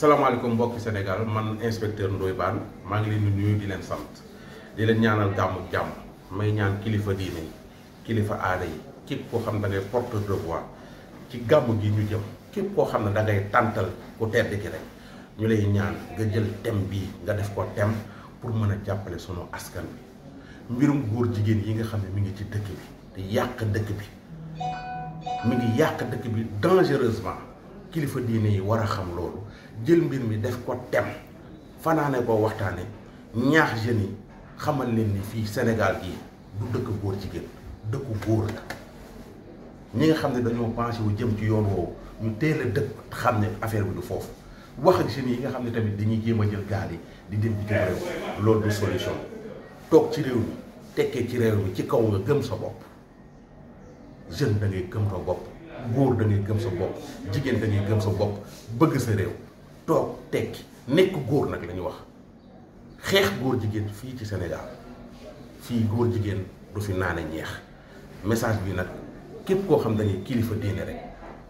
salaamaaleykum mbokki Sénégal man inspecteur Ndoye baan maa ngi leen di nuyu di leen sant di leen ñaanal gàmmu jàmm may ñaan kilifa diine yi kilifa aada yi képp koo xam ne da ngay porte ci gàmmu gi ñu jëm képp koo xam ne da ngay tàntal ku tedd ki rek ñu lay ñaan nga jël thème bi nga def ko tem pour mën a jàppale sunu askan bi mbirum góor jigéen yi nga xam ne mu ngi ci dëkk bi di yàq dëkk bi mu ngi yàq dëkk bi dangereusement kilifa diine yi war a xam loolu jël mbir mi def ko tem fanaane koo waxtaane ñaax jeunes yi xamal leen ni fii Sénégal gii du dëkk góor jigéen dëkku góor la ñi nga xam ne dañoo penché wu jëm ci yoon woowu ñu teel a dëkk xam ne affaire bi du foofu wax ak jeunes yi nga xam ne tamit dañuy jéem a jël gaal di dem bitim réew loolu du solution toog ci réew mi tekkee ci réew bi ci kaw nga gëm sa bopp jeune da ngay gëm sa bopp góor da gëm sa bopp jigéen da gëm sa bopp bëgg sa réew toog tekki nekk góor nag la wax xeex góor jigéen fii ci Sénégal fii góor jigéen du fi naane ñeex message bi nag képp koo xam da ngay kilifa diine rek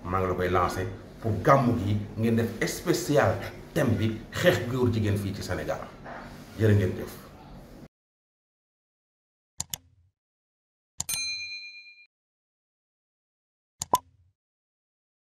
maa ngi la koy lancé pour gàmmu gi ngeen def spécial thème bi xeex góor jigéen fii ci Sénégal jërë ngeen jëf.